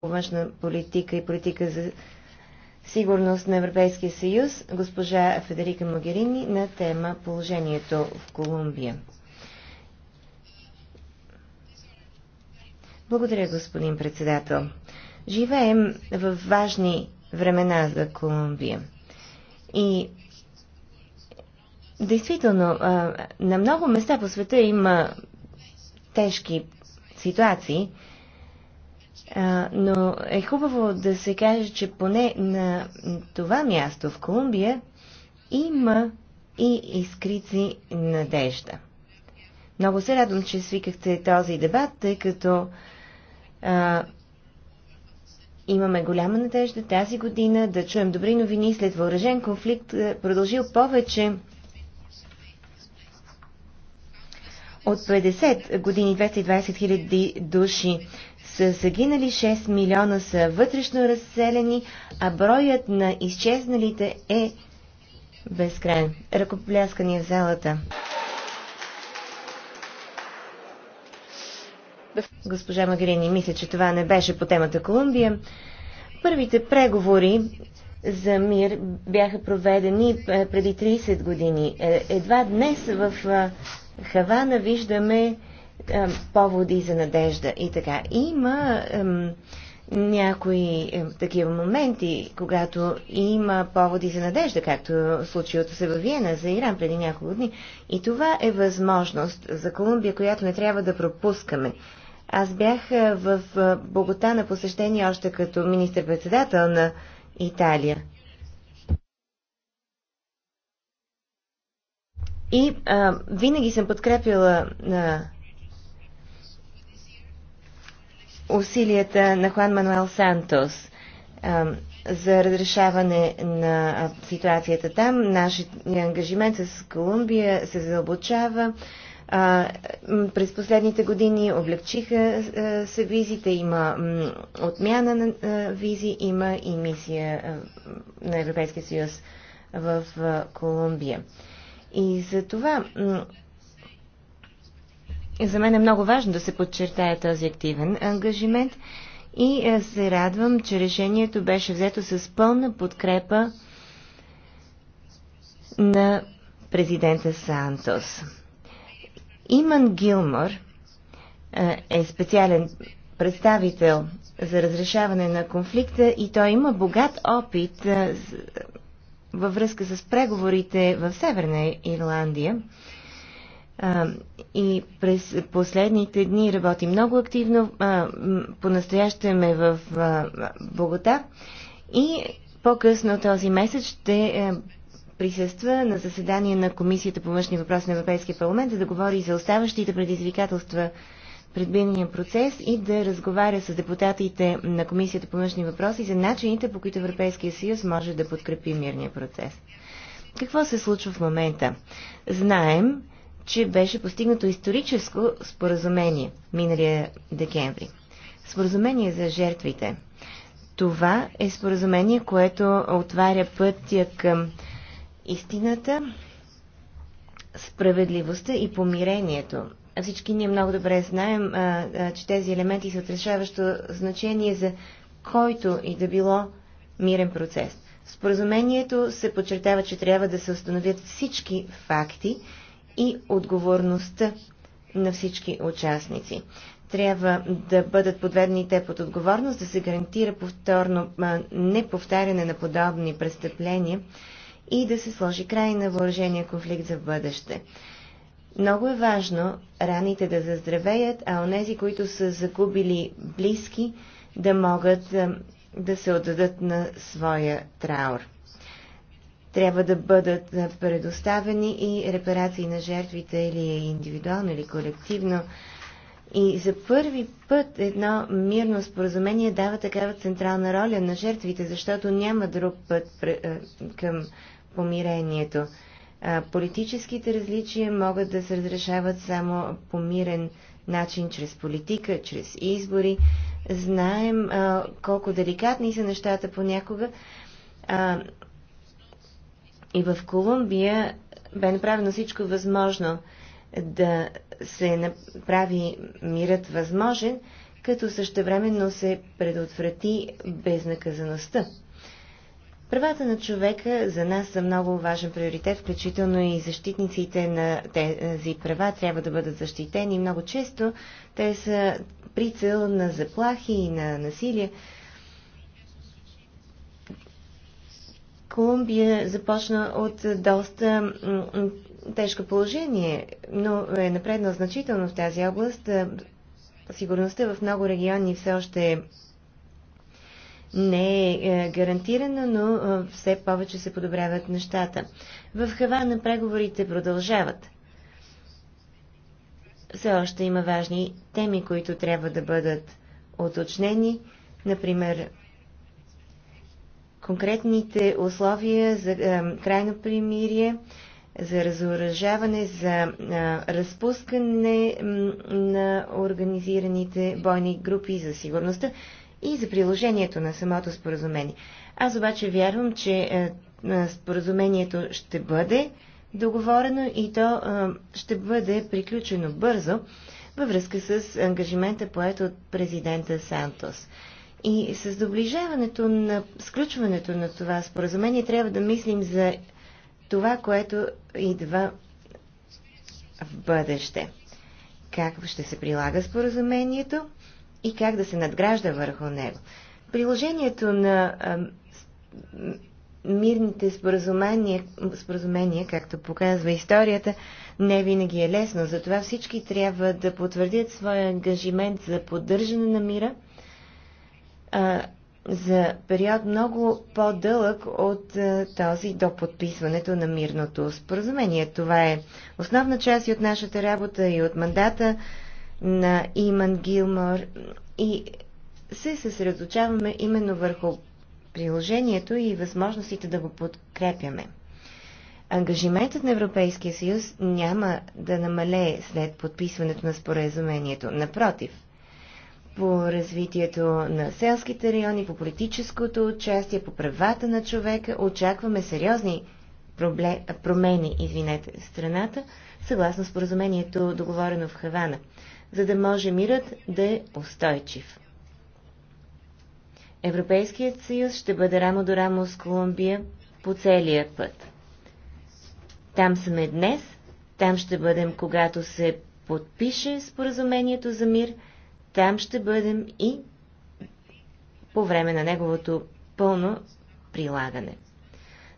по външна политика и политика за сигурност на Европейския съюз, госпожа Федерика Могерини на тема Положението в Колумбия. Благодаря, господин председател. Живеем в важни времена за Колумбия. И действително, на много места по света има тежки ситуации, но е хубаво да се каже, че поне на това място в Колумбия има и изкрици надежда. Много се радвам, че свикахте този дебат, тъй като а, имаме голяма надежда тази година да чуем добри новини след въоръжен конфликт, продължил повече От 50 години 220 хиляди души са загинали, 6 милиона са вътрешно разселени, а броят на изчезналите е безкрайен. Ръкопляскания в залата. Госпожа Магрини, мисля, че това не беше по темата Колумбия. Първите преговори за мир бяха проведени е, преди 30 години. Е, едва днес в е, Хавана виждаме поводи за надежда и така. Има някои такива моменти, когато има поводи за надежда, както случилото се във Виена за Иран преди няколко дни. И това е възможност за Колумбия, която не трябва да пропускаме. Аз бях в Богота на посещение още като министър-председател на Италия. И а, винаги съм подкрепила на усилията на Хуан Мануел Сантос а, за разрешаване на ситуацията там. Нашият ангажимент с Колумбия се задълбочава. А, през последните години облегчиха а, се визите, има м, отмяна на а, визи, има и мисия а, на Европейския съюз в а, Колумбия. И за това за мен е много важно да се подчертая този активен ангажимент и е, се радвам, че решението беше взето с пълна подкрепа на президента Сантос. Иман Гилмор е, е специален представител за разрешаване на конфликта и той има богат опит е, във връзка с преговорите в Северна Ирландия. И през последните дни работи много активно. По-настоящем е в Богота. И по-късно този месец ще е, присъства на заседание на Комисията по външни въпроси на Европейския парламент, за да говори за оставащите предизвикателства предвидения процес и да разговаря с депутатите на Комисията по външни въпроси за начините, по които Европейския съюз може да подкрепи мирния процес. Какво се случва в момента? Знаем, че беше постигнато историческо споразумение миналия декември. Споразумение за жертвите. Това е споразумение, което отваря пътя към истината, справедливостта и помирението всички ние много добре знаем, че тези елементи са отрешаващо значение за който и да било мирен процес. В споразумението се подчертава, че трябва да се установят всички факти и отговорността на всички участници. Трябва да бъдат подведени те под отговорност, да се гарантира повторно неповтаряне на подобни престъпления и да се сложи край на въоръжения конфликт за бъдеще. Много е важно раните да заздравеят, а онези, които са загубили близки, да могат е, да се отдадат на своя траур. Трябва да бъдат е, предоставени и репарации на жертвите или е индивидуално, или колективно. И за първи път едно мирно споразумение дава такава централна роля на жертвите, защото няма друг път към помирението политическите различия могат да се разрешават само по мирен начин, чрез политика, чрез избори. Знаем а, колко деликатни са нещата понякога. А, и в Колумбия бе направено всичко възможно да се направи мирът възможен, като същевременно се предотврати безнаказаността. Правата на човека за нас са много важен приоритет, включително и защитниците на тези права трябва да бъдат защитени. Много често те са прицел на заплахи и на насилие. Колумбия започна от доста тежко положение, но е напреднал значително в тази област. Сигурността в много региони все още е не е, е гарантирано, но е, все повече се подобряват нещата. В Хавана преговорите продължават. Все още има важни теми, които трябва да бъдат уточнени, например конкретните условия за е, крайно примирие, за разоръжаване, за е, разпускане на организираните бойни групи, за сигурността и за приложението на самото споразумение. Аз обаче вярвам, че е, споразумението ще бъде договорено и то е, ще бъде приключено бързо във връзка с ангажимента поет от президента Сантос. И с доближаването на сключването на това споразумение трябва да мислим за това, което идва в бъдеще. Как ще се прилага споразумението? и как да се надгражда върху него. Приложението на а, мирните споразумения, споразумения, както показва историята, не винаги е лесно. Затова всички трябва да потвърдят своя ангажимент за поддържане на мира а, за период много по-дълъг от а, този до подписването на мирното споразумение. Това е основна част и от нашата работа и от мандата на Иман Гилмор и се съсредоточаваме именно върху приложението и възможностите да го подкрепяме. Ангажиментът на Европейския съюз няма да намалее след подписването на споразумението. Напротив, по развитието на селските райони, по политическото участие, по правата на човека, очакваме сериозни проблем, промени извинете, страната, съгласно споразумението, договорено в Хавана за да може мирът да е устойчив. Европейският съюз ще бъде рамо до рамо с Колумбия по целия път. Там сме днес, там ще бъдем, когато се подпише споразумението за мир, там ще бъдем и по време на неговото пълно прилагане.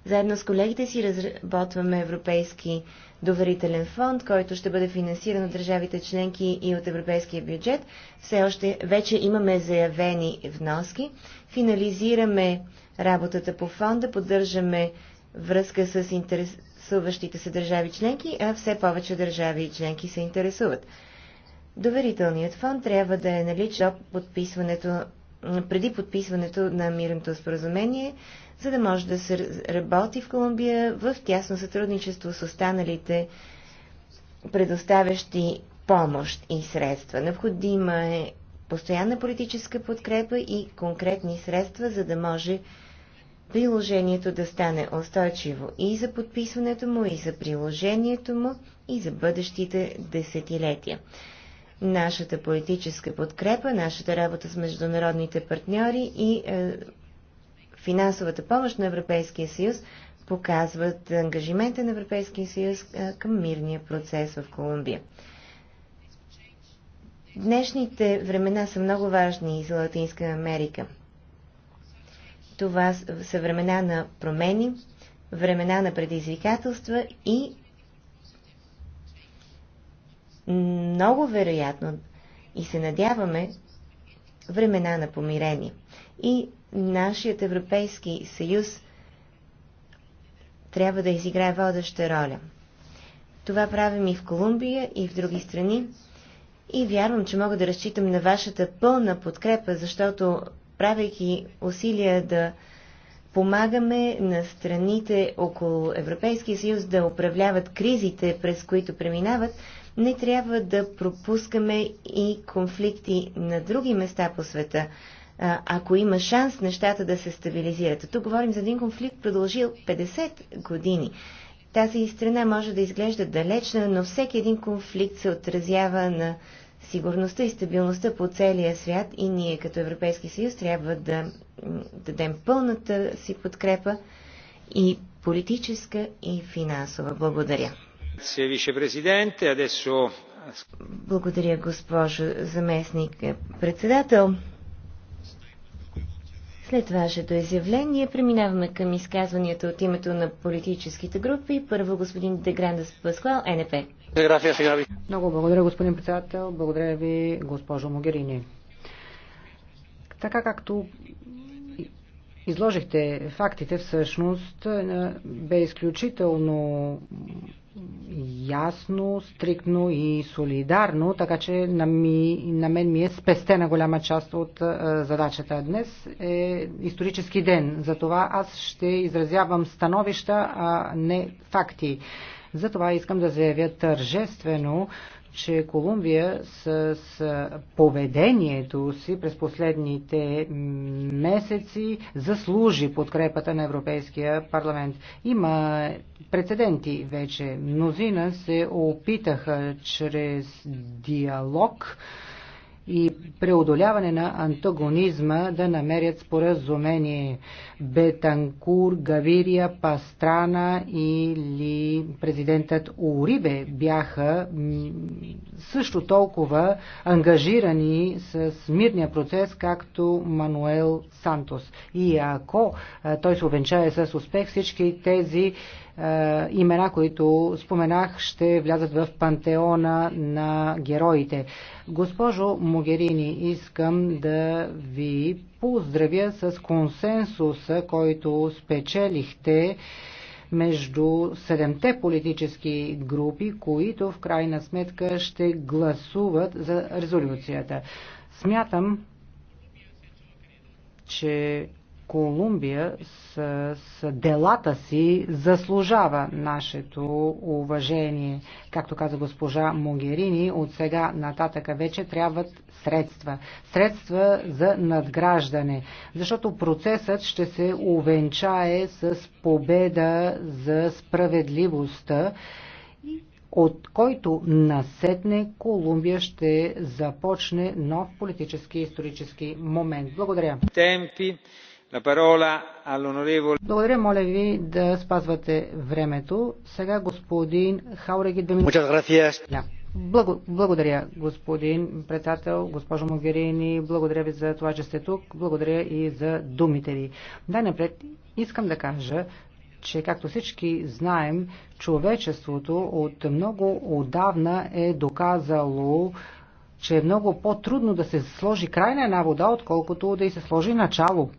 Заедно с колегите си разработваме европейски доверителен фонд, който ще бъде финансиран от държавите членки и от европейския бюджет. Все още вече имаме заявени вноски. Финализираме работата по фонда, поддържаме връзка с интересуващите се държави членки, а все повече държави и членки се интересуват. Доверителният фонд трябва да е наличен подписването, преди подписването на мирното споразумение за да може да се работи в Колумбия в тясно сътрудничество с останалите предоставящи помощ и средства. Необходима е постоянна политическа подкрепа и конкретни средства, за да може приложението да стане устойчиво и за подписването му, и за приложението му, и за бъдещите десетилетия. Нашата политическа подкрепа, нашата работа с международните партньори и е, финансовата помощ на Европейския съюз показват ангажимента на Европейския съюз към мирния процес в Колумбия. Днешните времена са много важни и за Латинска Америка. Това са времена на промени, времена на предизвикателства и много вероятно и се надяваме времена на помирение и нашият Европейски съюз трябва да изиграе водеща роля. Това правим и в Колумбия, и в други страни. И вярвам, че мога да разчитам на вашата пълна подкрепа, защото правейки усилия да помагаме на страните около Европейския съюз да управляват кризите, през които преминават, не трябва да пропускаме и конфликти на други места по света ако има шанс нещата да се стабилизират. тук говорим за един конфликт, продължил 50 години. Тази страна може да изглежда далечна, но всеки един конфликт се отразява на сигурността и стабилността по целия свят и ние като Европейски съюз трябва да дадем пълната си подкрепа и политическа и финансова. Благодаря. Благодаря, госпожо заместник председател. След вашето изявление преминаваме към изказванията от името на политическите групи. Първо господин Деграндас Паскуал, НП. Много благодаря, господин председател. Благодаря ви, госпожо Могерини. Така както изложихте фактите, всъщност е, бе изключително ясно, стриктно и солидарно, така че на, ми, на мен ми е спестена голяма част от е, задачата. Днес е исторически ден, затова аз ще изразявам становища, а не факти. Затова искам да заявя тържествено, че Колумбия с, с поведението си през последните месеци заслужи подкрепата на Европейския парламент. Има прецеденти вече. Мнозина се опитаха чрез диалог и преодоляване на антагонизма да намерят споразумение Бетанкур, Гавирия, Пастрана или президентът Урибе бяха също толкова ангажирани с мирния процес, както Мануел Сантос. И ако той се увенчае с успех, всички тези е, имена, които споменах, ще влязат в пантеона на героите. Госпожо Могерини, искам да ви поздравя с консенсуса, който спечелихте между седемте политически групи, които в крайна сметка ще гласуват за резолюцията. Смятам, че Колумбия с, с делата си заслужава нашето уважение. Както каза госпожа Могерини, от сега нататъка вече трябват средства. Средства за надграждане, защото процесът ще се увенчае с победа за справедливостта от който насетне Колумбия ще започне нов политически и исторически момент. Благодаря. Благодаря, моля ви да спазвате времето. Сега господин Хауреги Благодаря, господин председател, госпожо Могерини. Благодаря ви за това, че сте тук. Благодаря и за думите ви. Най-напред искам да кажа, че както всички знаем, човечеството от много отдавна е доказало, че е много по-трудно да се сложи край на една вода, отколкото да и се сложи начало.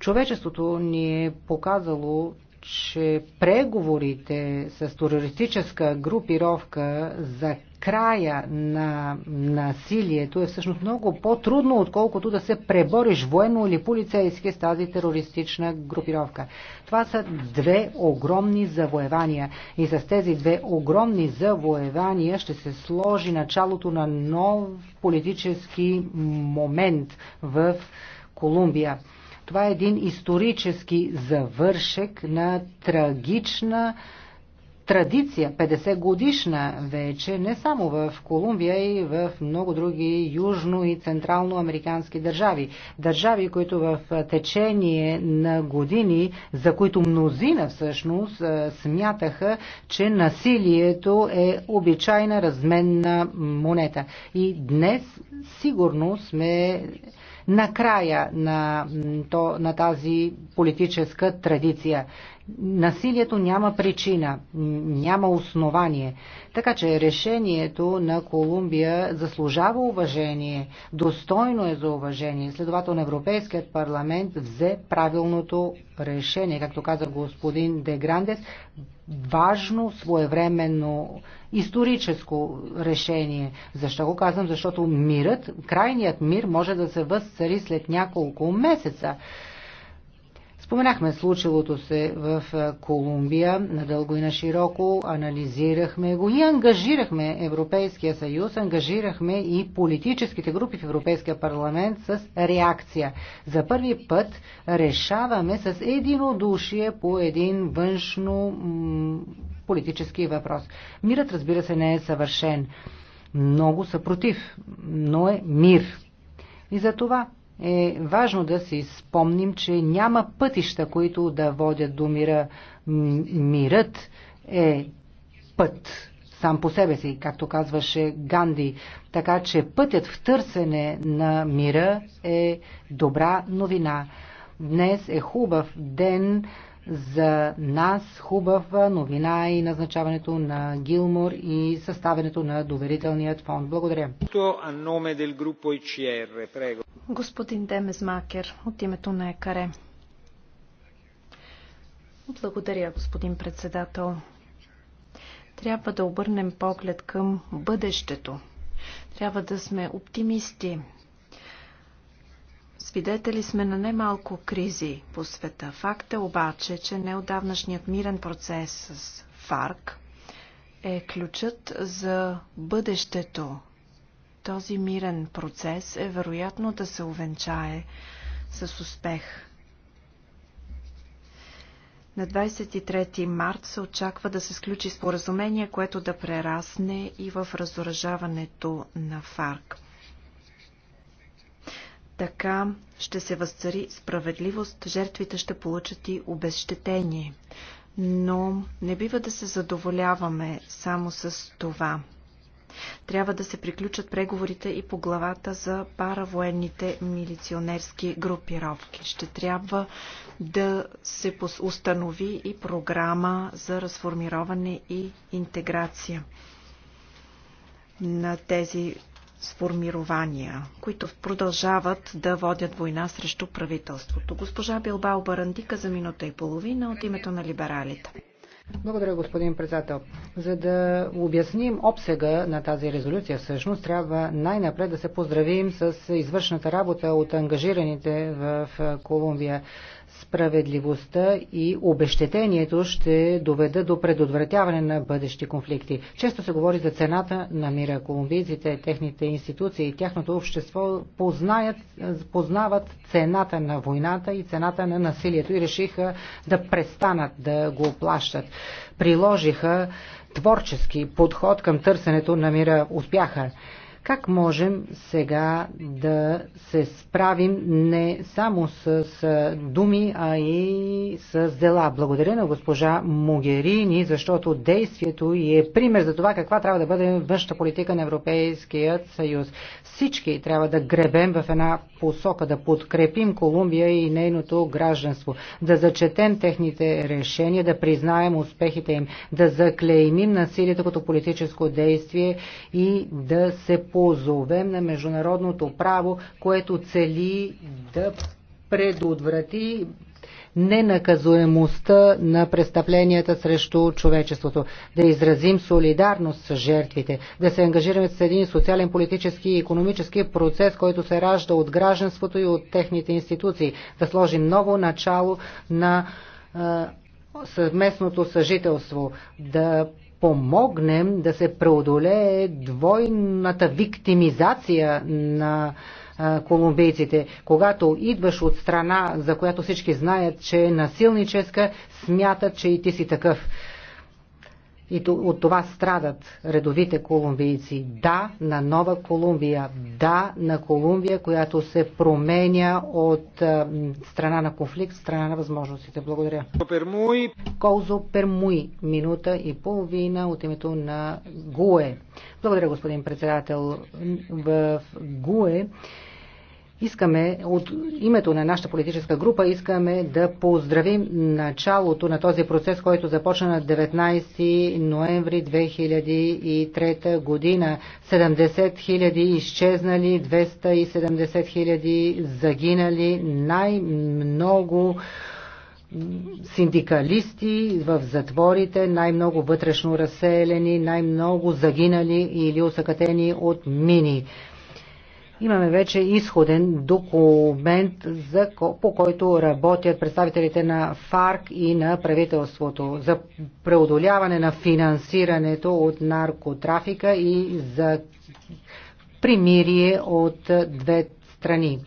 Човечеството ни е показало, че преговорите с терористическа групировка за края на насилието е всъщност много по-трудно, отколкото да се пребориш военно или полицейски с тази терористична групировка. Това са две огромни завоевания и с тези две огромни завоевания ще се сложи началото на нов политически момент в Колумбия. Това е един исторически завършек на трагична традиция, 50 годишна вече, не само в Колумбия и в много други южно и централно американски държави. Държави, които в течение на години, за които мнозина всъщност смятаха, че насилието е обичайна разменна монета. И днес сигурно сме на края на, то, на тази политическа традиция. Насилието няма причина, няма основание. Така че решението на Колумбия заслужава уважение, достойно е за уважение. Следователно Европейският парламент взе правилното решение, както каза господин Де Грандес, важно, своевременно, историческо решение. Защо го казвам? Защото мирът, крайният мир може да се възцари след няколко месеца. Споменахме случилото се в Колумбия, надълго и на широко анализирахме го и ангажирахме Европейския съюз, ангажирахме и политическите групи в Европейския парламент с реакция. За първи път решаваме с единодушие по един външно политически въпрос. Мирът, разбира се, не е съвършен. Много са против, но е мир. И за това е важно да си спомним, че няма пътища, които да водят до мира. Мирът е път сам по себе си, както казваше Ганди. Така че пътят в търсене на мира е добра новина. Днес е хубав ден за нас хубава новина е и назначаването на Гилмор и съставянето на доверителният фонд. Благодаря. Господин Демезмакер, от името на ЕКАРЕ. Е. Благодаря, господин председател. Трябва да обърнем поглед към бъдещето. Трябва да сме оптимисти, Свидетели сме на немалко кризи по света. Факт е обаче, че неодавнашният мирен процес с ФАРК е ключът за бъдещето. Този мирен процес е вероятно да се увенчае с успех. На 23 март се очаква да се сключи споразумение, което да прерасне и в разоръжаването на ФАРК. Така ще се възцари справедливост, жертвите ще получат и обезщетение. Но не бива да се задоволяваме само с това. Трябва да се приключат преговорите и по главата за паравоенните милиционерски групировки. Ще трябва да се установи и програма за разформироване и интеграция на тези сформирования, които продължават да водят война срещу правителството. Госпожа Билбао Барандика за минута и половина от името на либералите. Благодаря, господин председател. За да обясним обсега на тази резолюция, всъщност трябва най-напред да се поздравим с извършната работа от ангажираните в Колумбия справедливостта и обещетението ще доведа до предотвратяване на бъдещи конфликти. Често се говори за цената на мира. Колумбийците, техните институции и тяхното общество познаят, познават цената на войната и цената на насилието и решиха да престанат да го плащат. Приложиха творчески подход към търсенето на мира. Успяха. Как можем сега да се справим не само с думи, а и с дела? Благодаря на госпожа Могерини, защото действието и е пример за това каква трябва да бъде външната политика на Европейският съюз. Всички трябва да гребем в една посока, да подкрепим Колумбия и нейното гражданство, да зачетем техните решения, да признаем успехите им, да заклеймим насилието като политическо действие и да се позовем на международното право, което цели да предотврати ненаказуемостта на престъпленията срещу човечеството, да изразим солидарност с жертвите, да се ангажираме с един социален, политически и економически процес, който се ражда от гражданството и от техните институции, да сложим ново начало на съвместното съжителство, да помогнем да се преодолее двойната виктимизация на колумбийците. Когато идваш от страна, за която всички знаят, че е насилническа, смятат, че и ти си такъв. И от това страдат редовите колумбийци. Да на нова Колумбия. Да на Колумбия, която се променя от страна на конфликт, страна на възможностите. Благодаря. Колзо Пермуй. Минута и половина от името на ГУЕ. Благодаря, господин председател. В ГУЕ Искаме, от името на нашата политическа група, искаме да поздравим началото на този процес, който започна на 19 ноември 2003 година. 70 хиляди изчезнали, 270 хиляди загинали, най-много синдикалисти в затворите, най-много вътрешно разселени, най-много загинали или усъкатени от мини. Имаме вече изходен документ, за, по който работят представителите на ФАРК и на правителството за преодоляване на финансирането от наркотрафика и за примирие от две страни.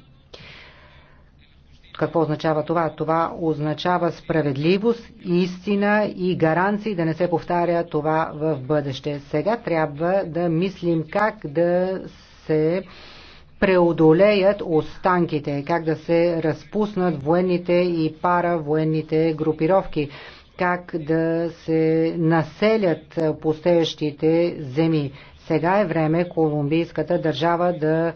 Какво означава това? Това означава справедливост, истина и гаранции да не се повтаря това в бъдеще. Сега трябва да мислим как да се преодолеят останките, как да се разпуснат военните и паравоенните групировки, как да се населят пустеещите земи. Сега е време колумбийската държава да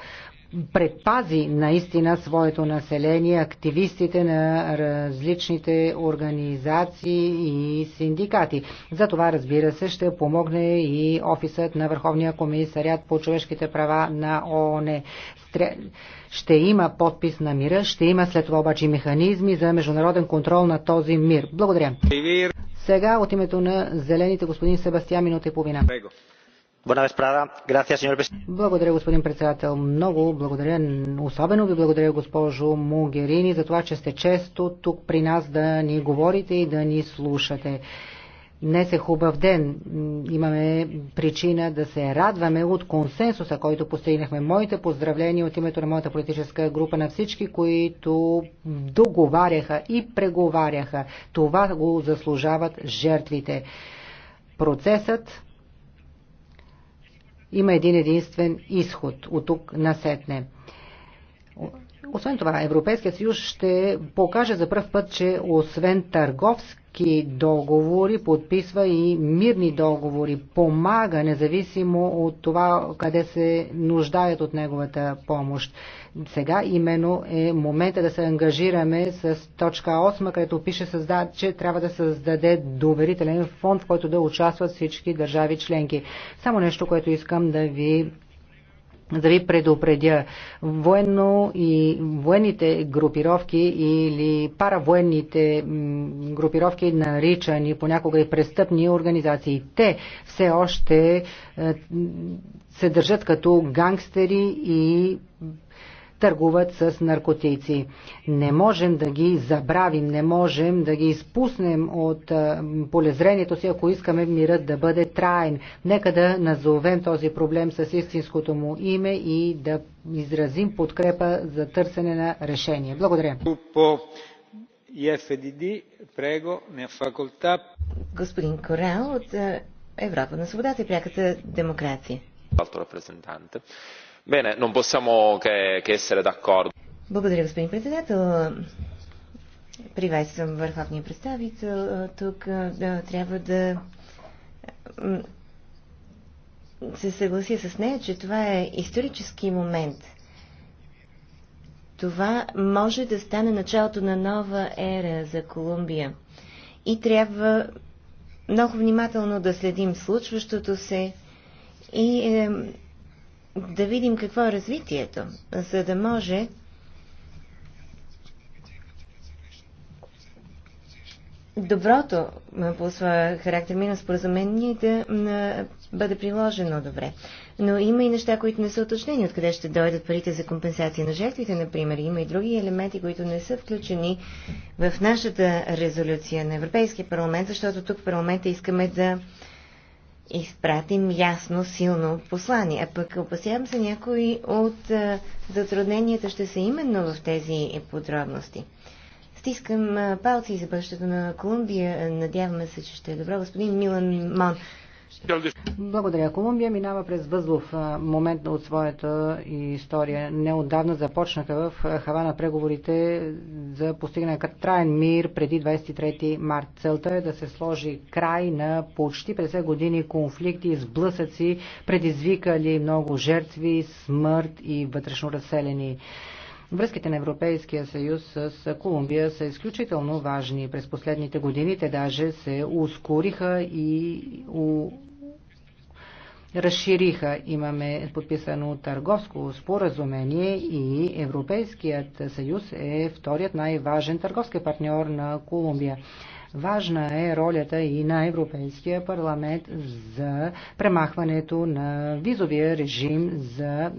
предпази наистина своето население, активистите на различните организации и синдикати. За това, разбира се, ще помогне и офисът на Върховния комисарят по човешките права на ООН. Ще има подпис на мира, ще има след това обаче и механизми за международен контрол на този мир. Благодаря. Сега от името на Зелените господин Себастия минута и половина. Благодаря, господин председател. Много благодаря. Особено ви благодаря, госпожо Мугерини, за това, че сте често тук при нас да ни говорите и да ни слушате. Днес е хубав ден. Имаме причина да се радваме от консенсуса, който постигнахме. Моите поздравления от името на моята политическа група на всички, които договаряха и преговаряха. Това го заслужават жертвите. Процесът има един единствен изход от тук насетне. Освен това, Европейският съюз ще покаже за първ път, че освен търговски търговски договори, подписва и мирни договори, помага независимо от това къде се нуждаят от неговата помощ. Сега именно е момента да се ангажираме с точка 8, където пише, че трябва да създаде доверителен фонд, в който да участват всички държави членки. Само нещо, което искам да ви да ви предупредя, военно и военните групировки или паравоенните групировки, наричани понякога и престъпни организации, те все още е, се държат като гангстери и търгуват с наркотици. Не можем да ги забравим, не можем да ги изпуснем от полезрението си, ако искаме мирът да бъде траен. Нека да назовем този проблем с истинското му име и да изразим подкрепа за търсене на решение. Благодаря. Е Господин Корел от Европа на свободата и пряката демокрация. Bene, non possiamo che, che essere d'accordo. Благодаря, господин председател. Приветствам върховния представител. Тук да, трябва да се съгласи с нея, че това е исторически момент. Това може да стане началото на нова ера за Колумбия. И трябва много внимателно да следим случващото се и е, да видим какво е развитието, за да може доброто по своя характер мина споразумение да бъде приложено добре. Но има и неща, които не са уточнени, откъде ще дойдат парите за компенсация на жертвите, например. Има и други елементи, които не са включени в нашата резолюция на Европейския парламент, защото тук в парламента искаме да изпратим ясно, силно послание. А пък опасявам се, някои от затрудненията ще са именно в тези подробности. Стискам палци за бъдещето на Колумбия. Надяваме се, че ще е добро. Господин Милан Мон, благодаря. Колумбия минава през възлов момент от своята история. Неотдавна започнаха в Хавана преговорите за постигане на траен мир преди 23 март. Целта е да се сложи край на почти 50 години конфликти, сблъсъци, предизвикали много жертви, смърт и вътрешно разселени. Връзките на Европейския съюз с Колумбия са изключително важни. През последните години те даже се ускориха и разшириха. Имаме подписано търговско споразумение и Европейският съюз е вторият най-важен търговски партньор на Колумбия. Важна е ролята и на Европейския парламент за премахването на визовия режим за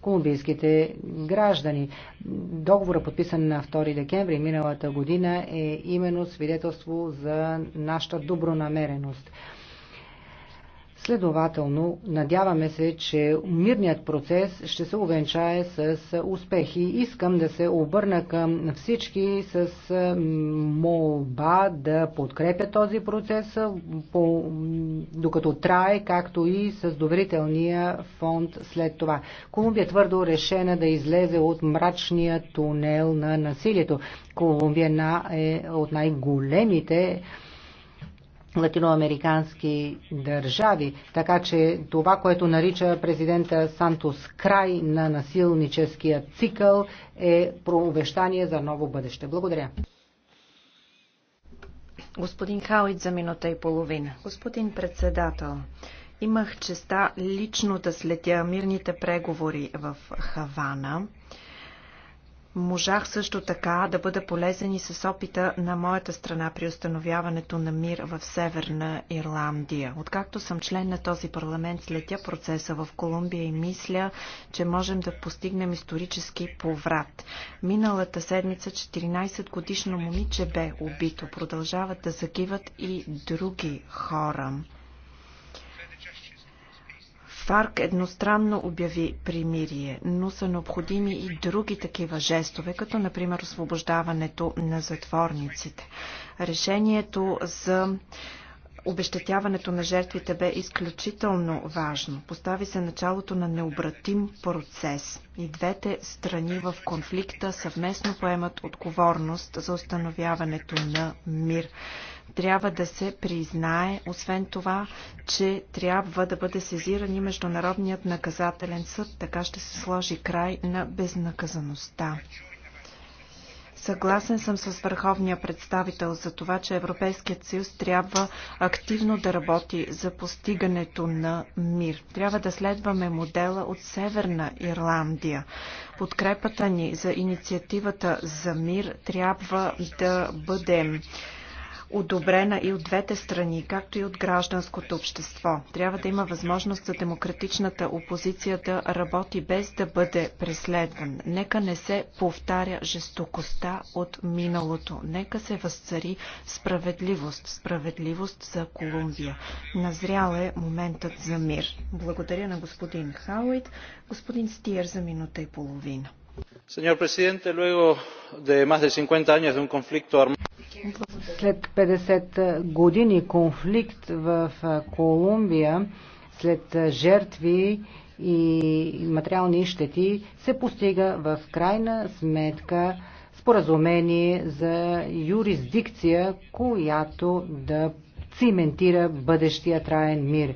колумбийските граждани. Договорът, подписан на 2 декември миналата година, е именно свидетелство за нашата добронамереност. Следователно, надяваме се, че мирният процес ще се увенчае с успехи. Искам да се обърна към всички с е, молба да подкрепя този процес, е, по, докато трае, както и с доверителния фонд след това. Колумбия твърдо решена да излезе от мрачния тунел на насилието. Колумбия е, е от най-големите латиноамерикански държави. Така че това, което нарича президента Сантос край на насилническия цикъл е провещание за ново бъдеще. Благодаря. Господин Хауит за минута и половина. Господин председател, имах честа лично да следя мирните преговори в Хавана. Можах също така да бъда полезен и с опита на моята страна при установяването на мир в Северна Ирландия. Откакто съм член на този парламент, следя процеса в Колумбия и мисля, че можем да постигнем исторически поврат. Миналата седмица 14-годишно момиче бе убито. Продължават да загиват и други хора. ФАРК едностранно обяви примирие, но са необходими и други такива жестове, като например освобождаването на затворниците. Решението за обещетяването на жертвите бе изключително важно. Постави се началото на необратим процес. И двете страни в конфликта съвместно поемат отговорност за установяването на мир. Трябва да се признае, освен това, че трябва да бъде сезиран и Международният наказателен съд, така ще се сложи край на безнаказаността. Съгласен съм с върховния представител за това, че Европейският съюз трябва активно да работи за постигането на мир. Трябва да следваме модела от Северна Ирландия. Подкрепата ни за инициативата за мир трябва да бъде одобрена и от двете страни, както и от гражданското общество. Трябва да има възможност за демократичната опозиция да работи без да бъде преследван. Нека не се повтаря жестокостта от миналото. Нека се възцари справедливост. Справедливост за Колумбия. Назрял е моментът за мир. Благодаря на господин Хауит. Господин Стиер за минута и половина. Señor presidente, luego de más de 50 años de un conflicto armado. След 50 години конфликт в Колумбия, след жертви и материални щети, се постига в крайна сметка споразумение за юрисдикция, която да циментира бъдещия траен мир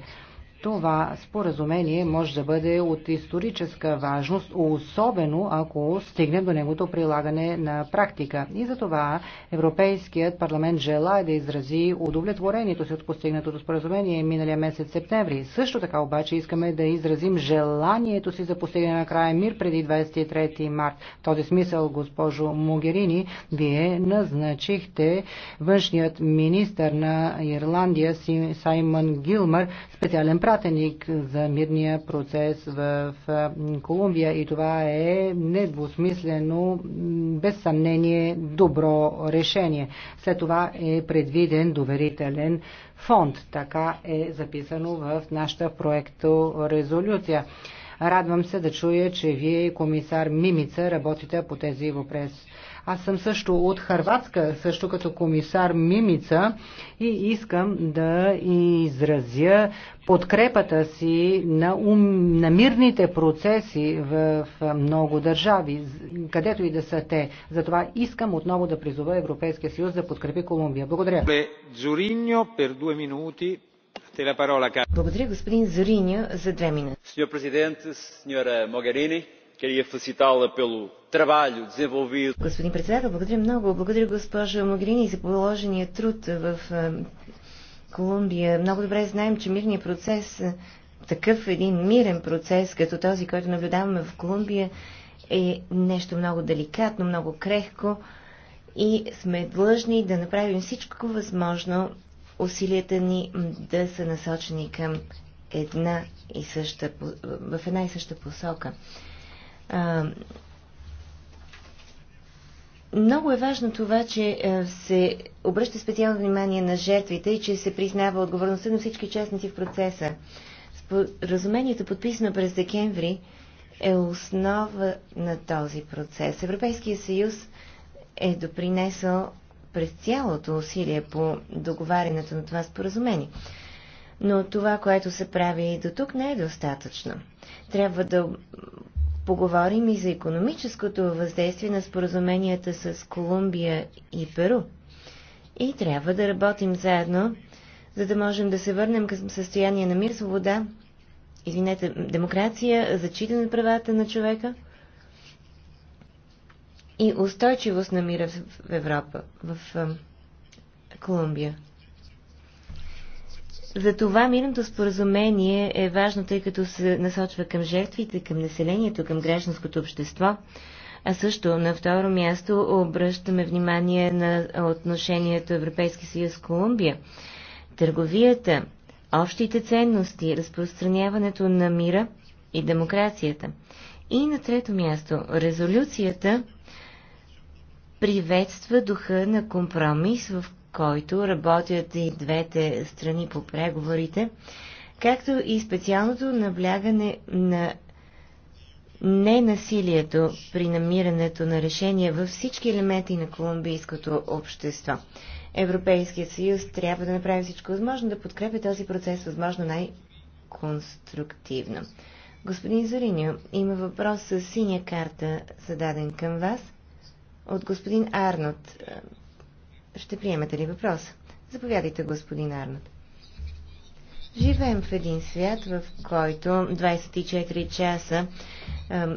това споразумение може да бъде от историческа важност, особено ако стигне до негото прилагане на практика. И за това Европейският парламент желая да изрази удовлетворението си от постигнатото споразумение миналия месец септември. Също така обаче искаме да изразим желанието си за постигане на края мир преди 23 март. В този смисъл, госпожо Могерини, вие назначихте външният министр на Ирландия Саймън Гилмър специален празник пратеник за мирния процес в Колумбия и това е недвусмислено, без съмнение, добро решение. След това е предвиден доверителен фонд. Така е записано в нашата проекто резолюция. Радвам се да чуя, че вие, комисар Мимица, работите по тези въпроси. Аз съм също от Харватска, също като комисар Мимица и искам да изразя подкрепата си на, ум, на мирните процеси в много държави, където и да са те. Затова искам отново да призова Европейския съюз да подкрепи Колумбия. Благодаря. Благодаря, господин Зориньо, за две минути. Queria felicitá-la pelo trabalho desenvolvido. Господин председател, благодаря много. Благодаря госпожа Могрини за положения труд в Колумбия. Много добре знаем, че мирният процес, такъв един мирен процес, като този, който наблюдаваме в Колумбия, е нещо много деликатно, много крехко и сме длъжни да направим всичко възможно усилията ни да са насочени към една и съща, в една и съща посока много е важно това, че се обръща специално внимание на жертвите и че се признава отговорността на всички частници в процеса. Споразумението, подписано през декември, е основа на този процес. Европейския съюз е допринесъл през цялото усилие по договарянето на това споразумение. Но това, което се прави до тук, не е достатъчно. Трябва да поговорим и за економическото въздействие на споразуменията с Колумбия и Перу. И трябва да работим заедно, за да можем да се върнем към състояние на мир, свобода, извинете, демокрация, зачитане на правата на човека и устойчивост на мира в Европа, в Колумбия. Затова мирното споразумение е важно, тъй като се насочва към жертвите, към населението, към гражданското общество. А също на второ място обръщаме внимание на отношението Европейски съюз с Колумбия. Търговията, общите ценности, разпространяването на мира и демокрацията. И на трето място, резолюцията приветства духа на компромис, в който работят и двете страни по преговорите, както и специалното наблягане на ненасилието при намирането на решения във всички елементи на колумбийското общество. Европейският съюз трябва да направи всичко възможно да подкрепи този процес възможно най-конструктивно. Господин Зориньо, има въпрос с синя карта, зададен към вас от господин Арнот. Ще приемете ли въпрос? Заповядайте, господин Арнат. Живеем в един свят, в който 24 часа а,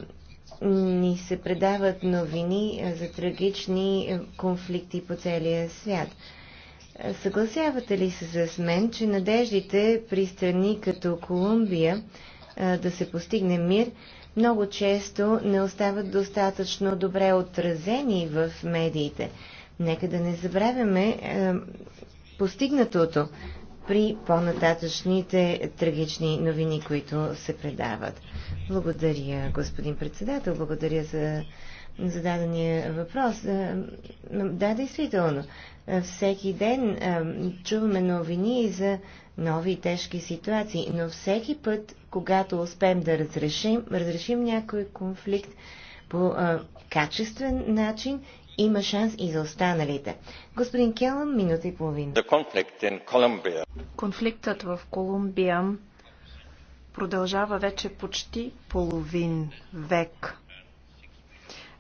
ни се предават новини за трагични конфликти по целия свят. Съгласявате ли се с мен, че надеждите при страни като Колумбия а, да се постигне мир много често не остават достатъчно добре отразени в медиите? Нека да не забравяме е, постигнатото при по-нататъчните трагични новини, които се предават. Благодаря, господин председател. Благодаря за зададения въпрос. Е, да, действително. Е, всеки ден е, чуваме новини за нови тежки ситуации, но всеки път, когато успеем да разрешим, разрешим някой конфликт по качествен начин има шанс и за останалите. Господин Келън, минута и половина. Конфликтът в Колумбия продължава вече почти половин век.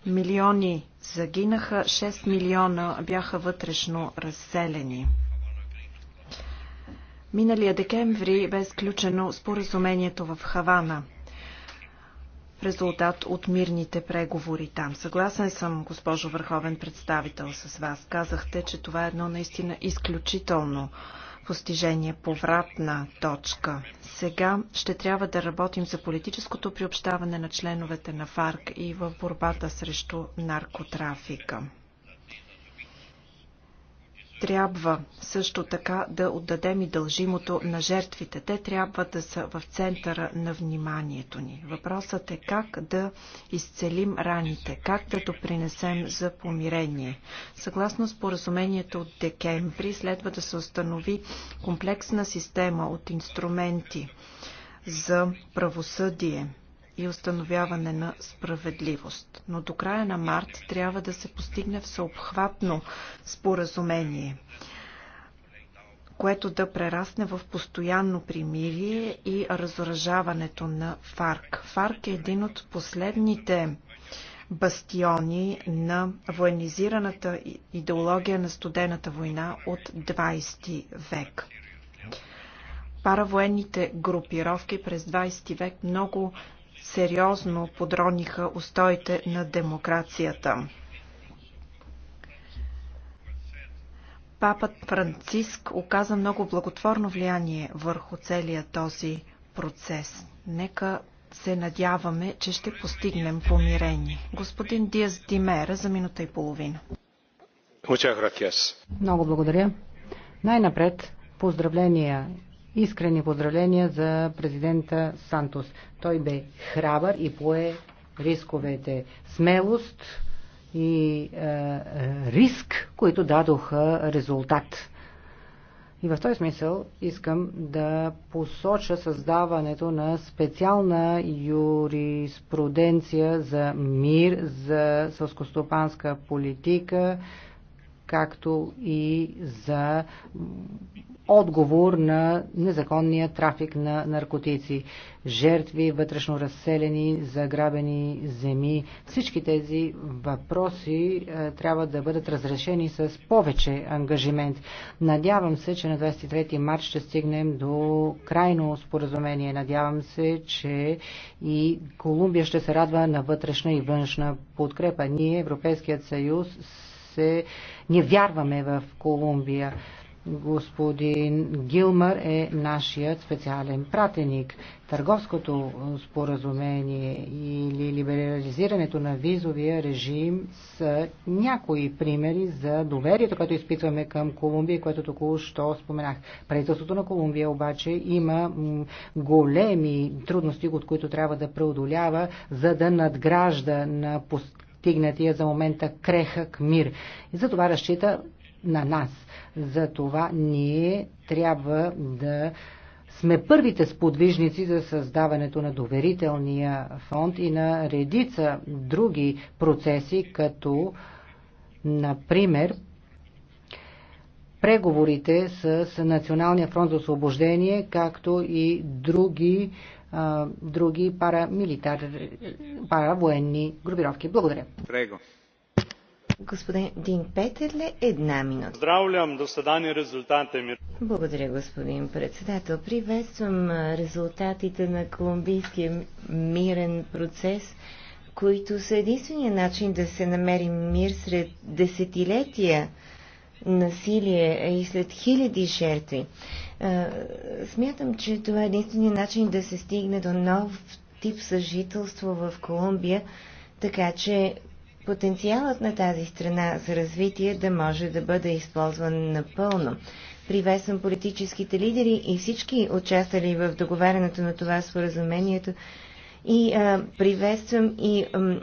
Милиони загинаха, 6 милиона бяха вътрешно разселени. Миналия декември бе сключено споразумението в Хавана – в резултат от мирните преговори там. Съгласен съм, госпожо Върховен представител, с вас. Казахте, че това е едно наистина изключително постижение, повратна точка. Сега ще трябва да работим за политическото приобщаване на членовете на ФАРК и в борбата срещу наркотрафика. Трябва също така да отдадем и дължимото на жертвите. Те трябва да са в центъра на вниманието ни. Въпросът е как да изцелим раните, как да допринесем за помирение. Съгласно споразумението от декември, следва да се установи комплексна система от инструменти за правосъдие, и установяване на справедливост. Но до края на март трябва да се постигне всеобхватно споразумение, което да прерасне в постоянно примирие и разоръжаването на ФАРК. ФАРК е един от последните бастиони на военизираната идеология на студената война от 20 век паравоенните групировки през 20 век много сериозно подрониха устоите на демокрацията. Папът Франциск оказа много благотворно влияние върху целия този процес. Нека се надяваме, че ще постигнем помирение. Господин Диас Димера за минута и половина. Много благодаря. Най-напред поздравления Искрени поздравления за президента Сантос. Той бе храбър и пое рисковете. Смелост и е, риск, които дадоха резултат. И в този смисъл искам да посоча създаването на специална юриспруденция за мир, за сълскостопанска политика, както и за отговор на незаконния трафик на наркотици. Жертви, вътрешно разселени, заграбени земи. Всички тези въпроси е, трябва да бъдат разрешени с повече ангажимент. Надявам се, че на 23 март ще стигнем до крайно споразумение. Надявам се, че и Колумбия ще се радва на вътрешна и външна подкрепа. Ние, Европейският съюз, се ние вярваме в Колумбия. Господин Гилмър е нашият специален пратеник. Търговското споразумение или либерализирането на визовия режим са някои примери за доверието, което изпитваме към Колумбия, което току-що споменах. Правителството на Колумбия обаче има големи трудности, от които трябва да преодолява, за да надгражда на постигнатия за момента крехък мир. И за това разчита на нас. За това ние трябва да сме първите сподвижници за създаването на доверителния фонд и на редица други процеси, като например преговорите с Националния фронт за освобождение, както и други а, други парамилитар, паравоенни групировки. Благодаря. Прего. Господин Петерле, една минута. Здравлям съдани резултата ми. Благодаря, господин председател. Приветствам резултатите на колумбийския мирен процес, които са единствения начин да се намери мир сред десетилетия насилие и след хиляди жертви. Е, смятам, че това е единствения начин да се стигне до нов тип съжителство в Колумбия, така че потенциалът на тази страна за развитие да може да бъде използван напълно. Приветствам политическите лидери и всички участвали в договарянето на това споразумението и а, е, приветствам и ам,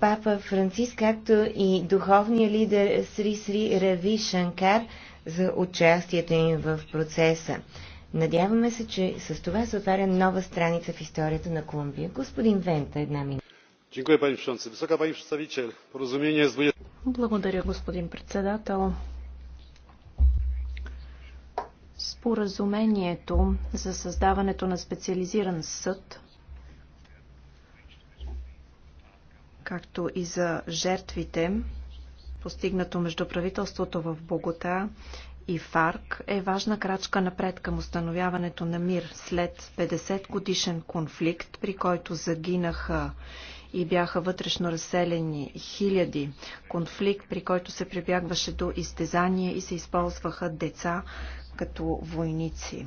папа Франциск, както и духовния лидер Сри Сри Рави Шанкар – за участието им в процеса. Надяваме се, че с това се отваря нова страница в историята на Колумбия. Господин Вента, една минута. Благодаря, господин председател. Споразумението за създаването на специализиран съд, както и за жертвите, постигнато между правителството в Богота и ФАРК е важна крачка напред към установяването на мир след 50 годишен конфликт, при който загинаха и бяха вътрешно разселени хиляди. Конфликт, при който се прибягваше до изтезания и се използваха деца като войници.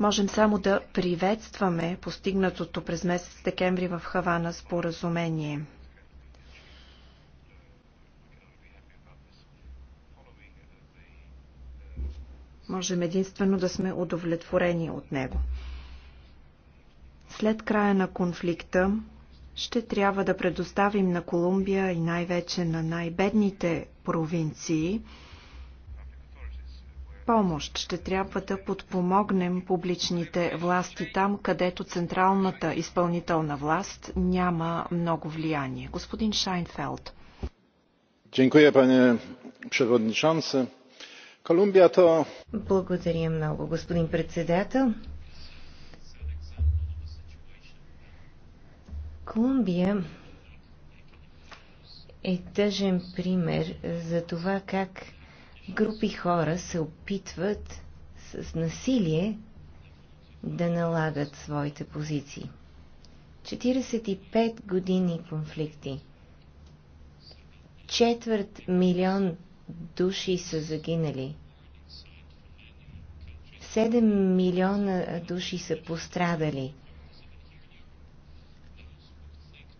Можем само да приветстваме постигнатото през месец декември в Хавана споразумение. Можем единствено да сме удовлетворени от него. След края на конфликта ще трябва да предоставим на Колумбия и най-вече на най-бедните провинции помощ. Ще трябва да подпомогнем публичните власти там, където централната изпълнителна власт няма много влияние. Господин Шайнфелд. Dziękuję, panie председател. Колумбия то... Благодаря много, господин председател. Колумбия е тъжен пример за това как групи хора се опитват с насилие да налагат своите позиции. 45 години конфликти. Четвърт милион души са загинали. 7 милиона души са пострадали.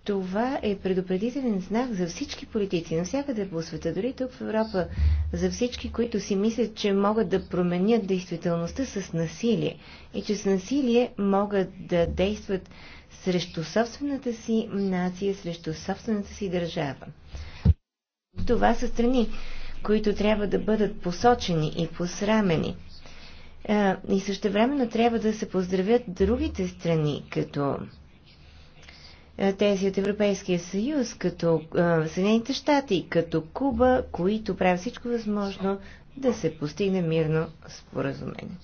Това е предупредителен знак за всички политици, навсякъде по света, дори тук в Европа, за всички, които си мислят, че могат да променят действителността с насилие и че с насилие могат да действат срещу собствената си нация, срещу собствената си държава. Това са страни, които трябва да бъдат посочени и посрамени. И също времено трябва да се поздравят другите страни, като тези от Европейския съюз, като Съединените щати, като Куба, които правят всичко възможно да се постигне мирно споразумение.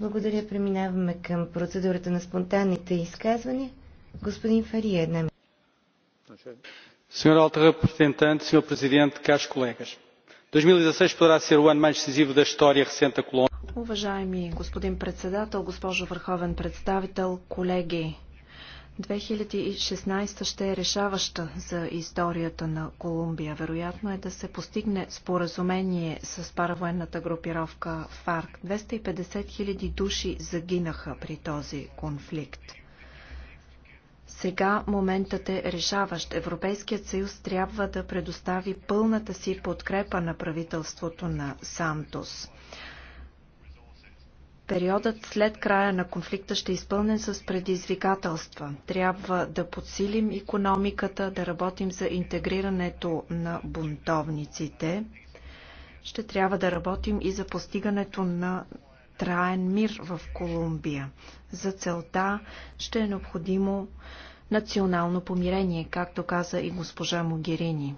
Благодаря. Преминаваме към процедурата на спонтанните изказвания. Господин Фария, една минута. Сеньор Alto президент, сеньор президент, каш колегаш. 2016 e poderá ser o ano mais decisivo da história recente da Colômbia. Уважаеми господин председател, госпожо върховен представител, колеги, 2016 ще е решаваща за историята на Колумбия. Вероятно е да се постигне споразумение с паравоенната групировка ФАРК. 250 000 души загинаха при този конфликт. Сега моментът е решаващ. Европейският съюз трябва да предостави пълната си подкрепа на правителството на Сантос. Периодът след края на конфликта ще е изпълнен с предизвикателства. Трябва да подсилим економиката, да работим за интегрирането на бунтовниците. Ще трябва да работим и за постигането на траен мир в Колумбия. За целта ще е необходимо национално помирение, както каза и госпожа Могерини.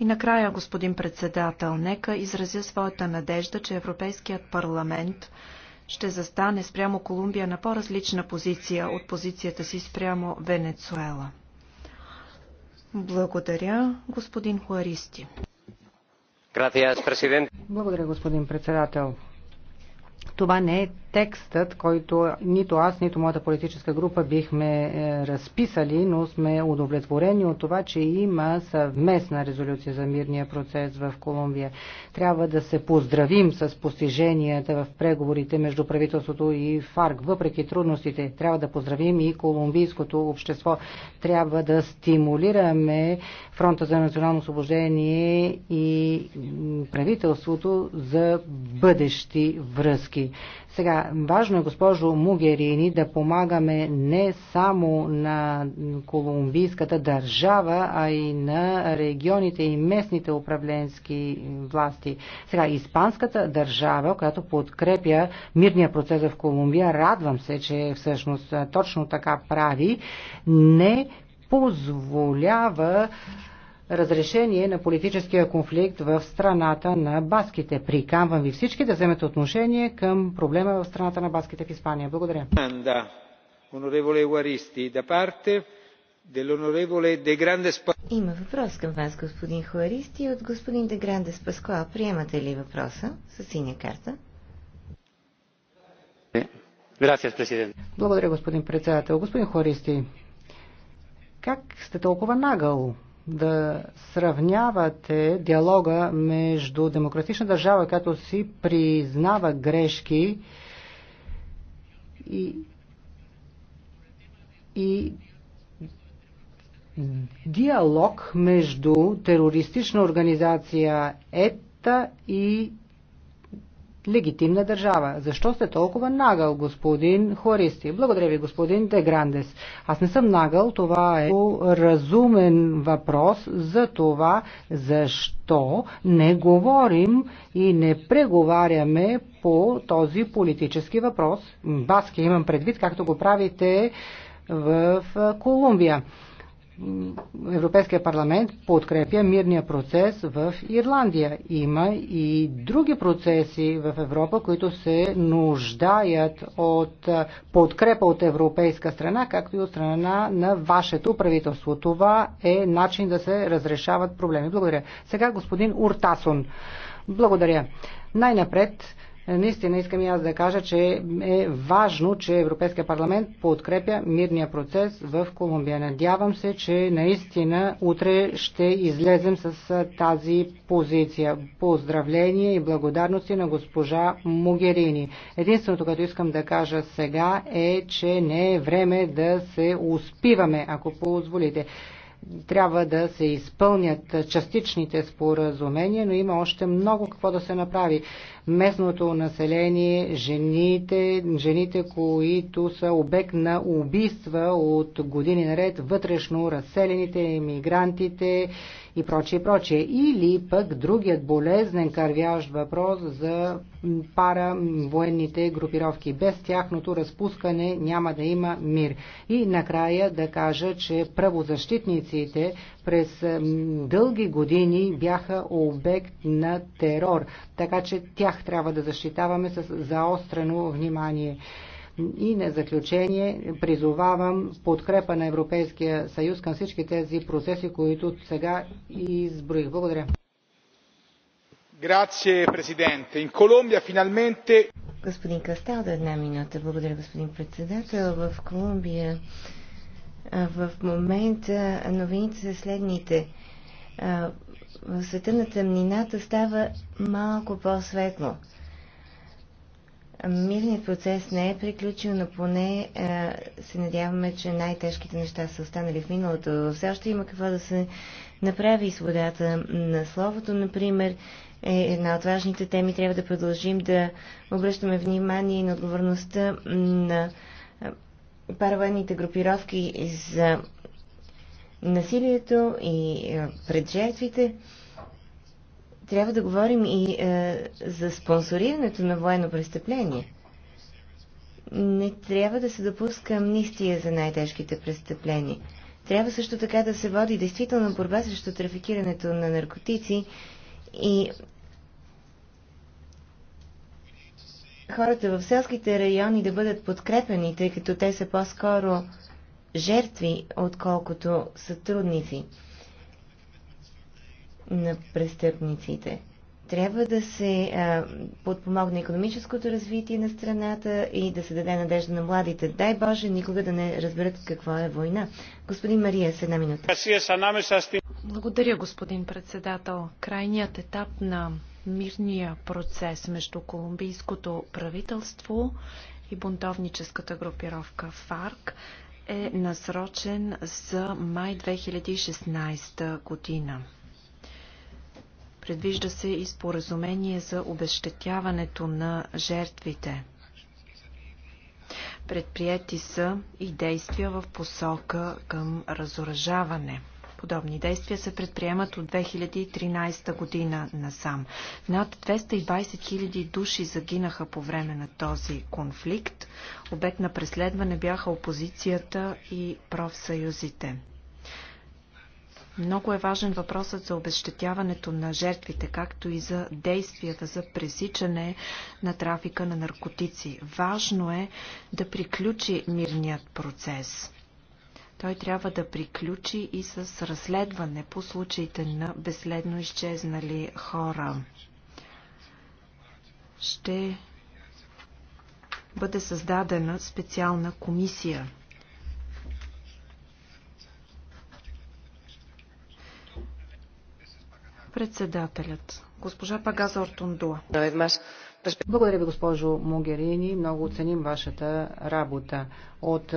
И накрая, господин председател, нека изразя своята надежда, че Европейският парламент ще застане спрямо Колумбия на по-различна позиция от позицията си спрямо Венецуела. Благодаря, господин Хуаристи. Благодаря, господин председател. Това не е текстът, който нито аз, нито моята политическа група бихме е, разписали, но сме удовлетворени от това, че има съвместна резолюция за мирния процес в Колумбия. Трябва да се поздравим с постиженията в преговорите между правителството и ФАРК. Въпреки трудностите, трябва да поздравим и колумбийското общество. Трябва да стимулираме Фронта за национално освобождение и правителството за бъдещи връзки. Сега, важно е, госпожо Мугерини, да помагаме не само на колумбийската държава, а и на регионите и местните управленски власти. Сега, испанската държава, която подкрепя мирния процес в Колумбия, радвам се, че всъщност точно така прави, не позволява разрешение на политическия конфликт в страната на баските. Прикамвам ви всички да вземете отношение към проблема в страната на баските в Испания. Благодаря. Има въпрос към вас, господин Хуаристи, от господин Де Грандес Паскуал. Приемате ли въпроса с синя карта? Благодаря, господин председател. Господин Хуаристи, как сте толкова нагъл? да сравнявате диалога между демократична държава, която си признава грешки и, и диалог между терористична организация ЕТА и легитимна държава. Защо сте толкова нагъл, господин Хористи? Благодаря ви, господин Деграндес. Аз не съм нагъл, това е разумен въпрос за това, защо не говорим и не преговаряме по този политически въпрос. Баски имам предвид, както го правите в Колумбия. Европейския парламент подкрепя мирния процес в Ирландия. Има и други процеси в Европа, които се нуждаят от подкрепа от европейска страна, както и от страна на вашето правителство. Това е начин да се разрешават проблеми. Благодаря. Сега господин Уртасон. Благодаря. Най-напред Наистина искам и аз да кажа, че е важно, че Европейския парламент подкрепя мирния процес в Колумбия. Надявам се, че наистина утре ще излезем с тази позиция. Поздравление и благодарности на госпожа Могерини. Единственото, което искам да кажа сега е, че не е време да се успиваме, ако позволите трябва да се изпълнят частичните споразумения, но има още много какво да се направи местното население, жените, жените, които са обект на убийства от години наред, вътрешно разселените, иммигрантите и прочее, прочее. Или пък другият болезнен кървящ въпрос за пара военните групировки. Без тяхното разпускане няма да има мир. И накрая да кажа, че правозащитниците през дълги години бяха обект на терор, така че тях трябва да защитаваме с заострено внимание. И на заключение призовавам подкрепа на Европейския съюз към всички тези процеси, които сега изброих. Благодаря. Grazie Presidente. In Colombia finalmente... Господин Касталдо, една минута. Благодаря, господин председател. В Колумбия в момента новините са следните. В света на тъмнината става малко по-светло. Мирният процес не е приключил, но поне се надяваме, че най-тежките неща са останали в миналото. Все още има какво да се направи свободата на словото, например, е една от важните теми. Трябва да продължим да обръщаме внимание на отговорността на паравоенните групировки за насилието и е, пред жертвите, трябва да говорим и е, за спонсорирането на военно престъпление. Не трябва да се допуска амнистия за най-тежките престъпления. Трябва също така да се води действителна борба срещу трафикирането на наркотици и хората в селските райони да бъдат подкрепени, тъй като те са по-скоро жертви, отколкото сътрудници на престъпниците. Трябва да се а, подпомогне економическото развитие на страната и да се даде надежда на младите. Дай Боже, никога да не разберат какво е война. Господин Мария, с една минута. Благодаря, господин председател. Крайният етап на мирния процес между колумбийското правителство и бунтовническата групировка ФАРК е насрочен за май 2016 година. Предвижда се и споразумение за обещетяването на жертвите. Предприяти са и действия в посока към разоръжаване – Подобни действия се предприемат от 2013 година насам. Над 220 000 души загинаха по време на този конфликт. Обект на преследване бяха опозицията и профсъюзите. Много е важен въпросът за обещетяването на жертвите, както и за действията за пресичане на трафика на наркотици. Важно е да приключи мирният процес. Той трябва да приключи и с разследване по случаите на безследно изчезнали хора. Ще бъде създадена специална комисия. Председателят, госпожа Пагаза Ортундуа. Благодаря ви, госпожо Могерини. Много оценим вашата работа. От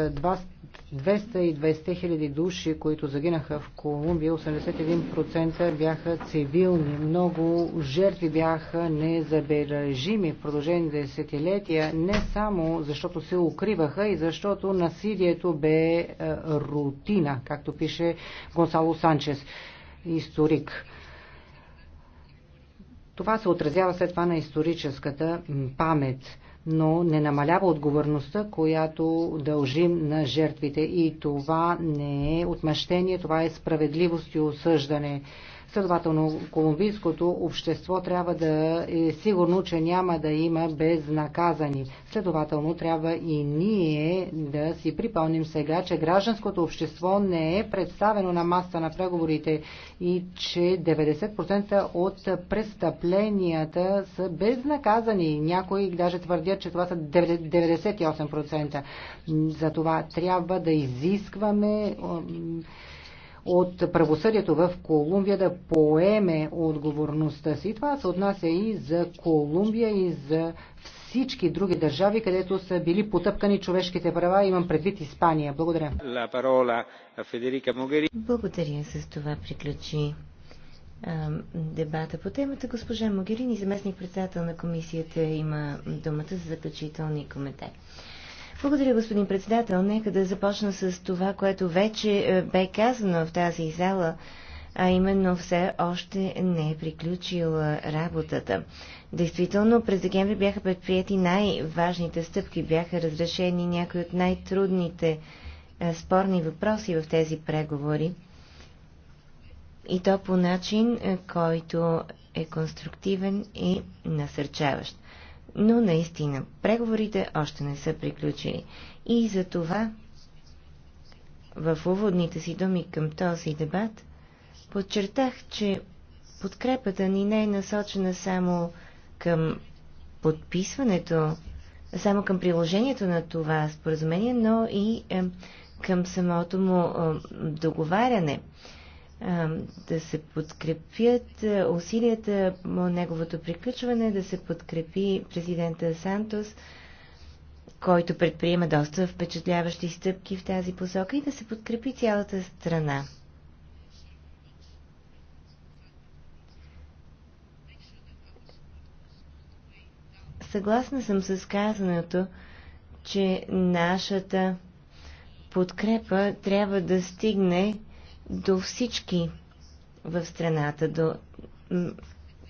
220 хиляди души, които загинаха в Колумбия, 81% бяха цивилни. Много жертви бяха незабележими в продължение десетилетия, не само защото се укриваха и защото насилието бе е, рутина, както пише Гонсало Санчес, историк. Това се отразява след това на историческата памет, но не намалява отговорността, която дължим на жертвите. И това не е отмъщение, това е справедливост и осъждане. Следователно, колумбийското общество трябва да е сигурно, че няма да има безнаказани. Следователно, трябва и ние да си припълним сега, че гражданското общество не е представено на маста на преговорите и че 90% от престъпленията са безнаказани. Някои даже твърдят, че това са 98%. За това трябва да изискваме от правосъдието в Колумбия да поеме отговорността си. И това се отнася и за Колумбия, и за всички други държави, където са били потъпкани човешките права. Имам предвид Испания. Благодаря. Благодаря. С това приключи дебата по темата. Госпожа Могерини, заместник председател на комисията, има думата за заключителни коментари. Благодаря, господин председател. Нека да започна с това, което вече е, бе казано в тази зала, а именно все още не е приключила работата. Действително, през декември бяха предприяти най-важните стъпки, бяха разрешени някои от най-трудните е, спорни въпроси в тези преговори. И то по начин, е, който е конструктивен и насърчаващ но наистина преговорите още не са приключили. И за това в уводните си думи към този дебат подчертах, че подкрепата ни не е насочена само към подписването, само към приложението на това споразумение, но и е, към самото му е, договаряне да се подкрепят усилията по неговото приключване, да се подкрепи президента Сантос, който предприема доста впечатляващи стъпки в тази посока и да се подкрепи цялата страна. Съгласна съм с казаното, че нашата подкрепа трябва да стигне до всички в страната, до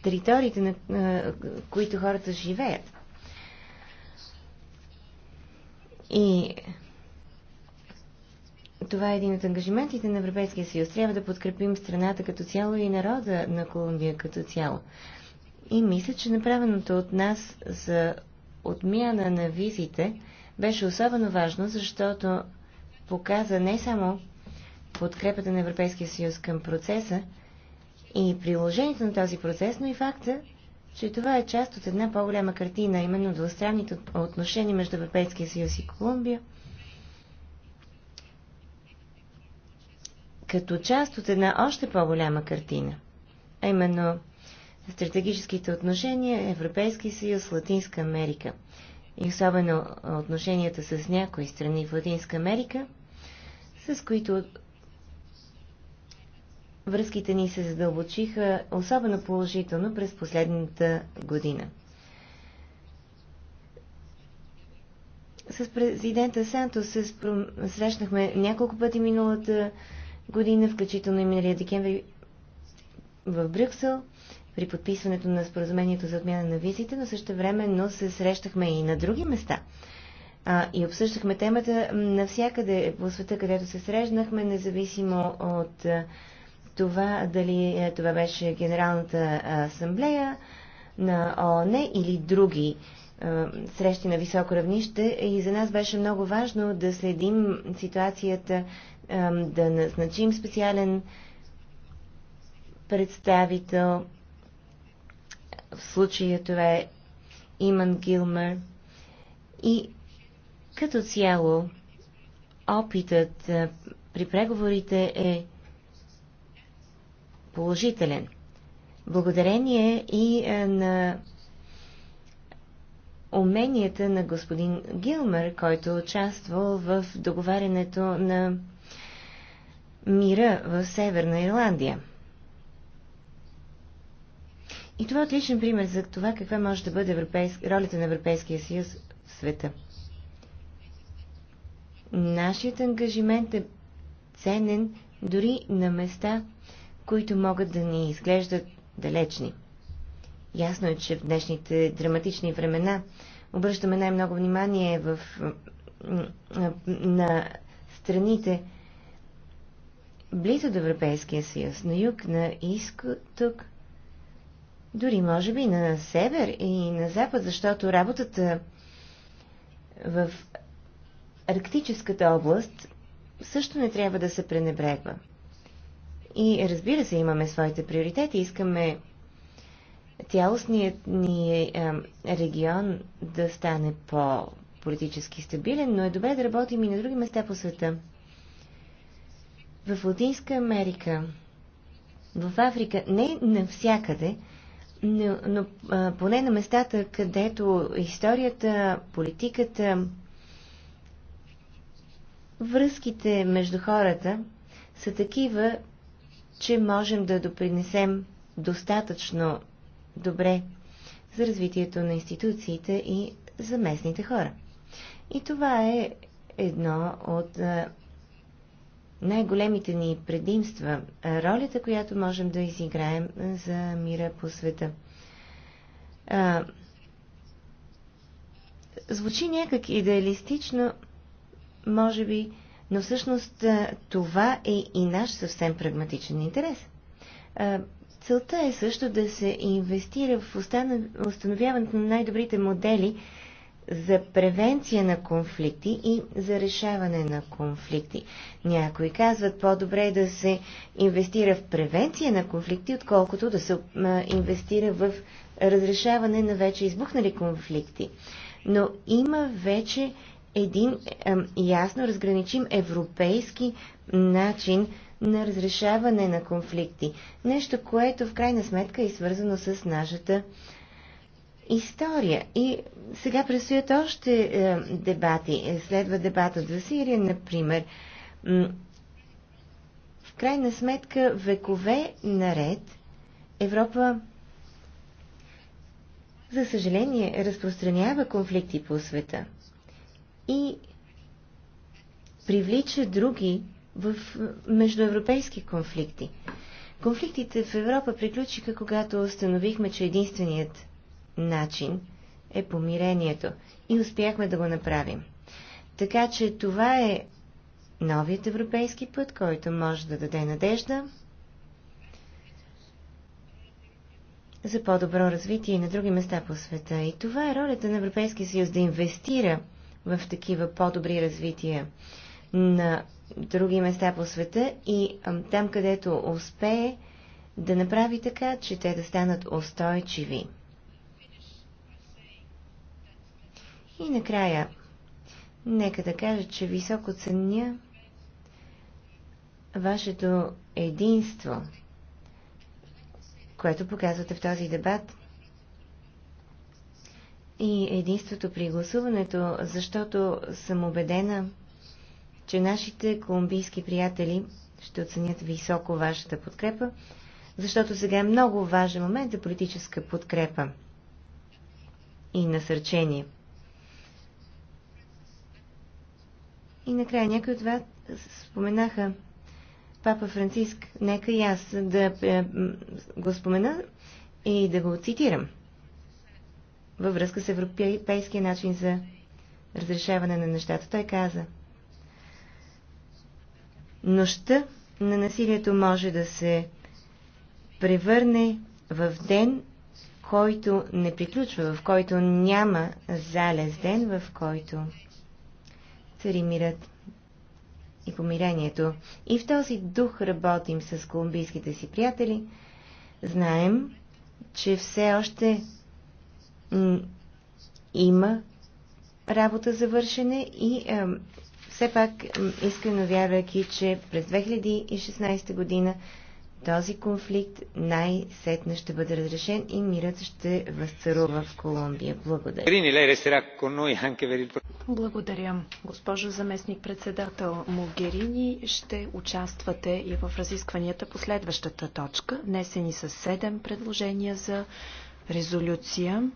териториите, на, които хората живеят. И това е един от ангажиментите на Европейския съюз. Трябва да подкрепим страната като цяло и народа на Колумбия като цяло. И мисля, че направеното от нас за отмяна на визите беше особено важно, защото показа не само подкрепата на Европейския съюз към процеса и приложението на този процес, но и факта, че това е част от една по-голяма картина, именно двустранните отношения между Европейския съюз и Колумбия, като част от една още по-голяма картина, а именно стратегическите отношения Европейски съюз, Латинска Америка и особено отношенията с някои страни в Латинска Америка, с които връзките ни се задълбочиха особено положително през последната година. С президента Сантос се срещнахме няколко пъти миналата година, включително и миналия декември в Брюксел при подписването на споразумението за отмяна на визите, но също времено се срещахме и на други места. А, и обсъждахме темата навсякъде по света, където се срещнахме, независимо от а, това дали е, това беше Генералната е, асамблея на ООН или други е, срещи на високо равнище и за нас беше много важно да следим ситуацията, да назначим специален представител. В случая това е Иман Гилмър. И като цяло опитът при преговорите е положителен. Благодарение и е, на уменията на господин Гилмер, който участвал в договарянето на мира в Северна Ирландия. И това е отличен пример за това каква може да бъде европейск... ролята на Европейския съюз в света. Нашият ангажимент е ценен дори на места, които могат да ни изглеждат далечни. Ясно е, че в днешните драматични времена обръщаме най-много внимание в, на страните близо до Европейския съюз, на юг, на изток, дори може би на север и на запад, защото работата в Арктическата област също не трябва да се пренебрегва. И разбира се, имаме своите приоритети. Искаме цялостният ни е, регион да стане по-политически стабилен, но е добре да работим и на други места по света. В Латинска Америка, в Африка, не навсякъде, но, но а, поне на местата, където историята, политиката, връзките между хората са такива, че можем да допринесем достатъчно добре за развитието на институциите и за местните хора. И това е едно от най-големите ни предимства, ролята, която можем да изиграем за мира по света. А, звучи някак идеалистично, може би, но всъщност това е и наш съвсем прагматичен интерес. Целта е също да се инвестира в установяването на най-добрите модели за превенция на конфликти и за решаване на конфликти. Някои казват по-добре е да се инвестира в превенция на конфликти, отколкото да се инвестира в разрешаване на вече избухнали конфликти. Но има вече един е, ясно разграничим европейски начин на разрешаване на конфликти. Нещо, което в крайна сметка е свързано с нашата история. И сега предстоят още е, дебати. Е, следва дебатът за Сирия, например. В крайна сметка, векове наред Европа, за съжаление, разпространява конфликти по света и привлича други в междуевропейски конфликти. Конфликтите в Европа приключиха, когато установихме, че единственият начин е помирението и успяхме да го направим. Така че това е новият европейски път, който може да даде надежда за по-добро развитие на други места по света. И това е ролята на Европейския съюз да инвестира – в такива по-добри развития на други места по света и там, където успее, да направи така, че те да станат устойчиви. И накрая, нека да кажа, че високо ценя вашето единство, което показвате в този дебат – и единството при гласуването, защото съм убедена, че нашите колумбийски приятели ще оценят високо вашата подкрепа, защото сега е много важен момент за политическа подкрепа и насърчение. И накрая някои от вас споменаха Папа Франциск. Нека и аз да е, го спомена и да го цитирам във връзка с европейския начин за разрешаване на нещата. Той каза, нощта на насилието може да се превърне в ден, който не приключва, в който няма залез ден, в който цари мирът и помирението. И в този дух работим с колумбийските си приятели. Знаем, че все още има работа за вършене и все пак искрено вярвайки, че през 2016 година този конфликт най-сетна ще бъде разрешен и мирът ще възцарува в Колумбия. Благодаря. Благодаря. Госпожо заместник председател Могерини, ще участвате и в разискванията по следващата точка. Внесени са 7 предложения за резолюция.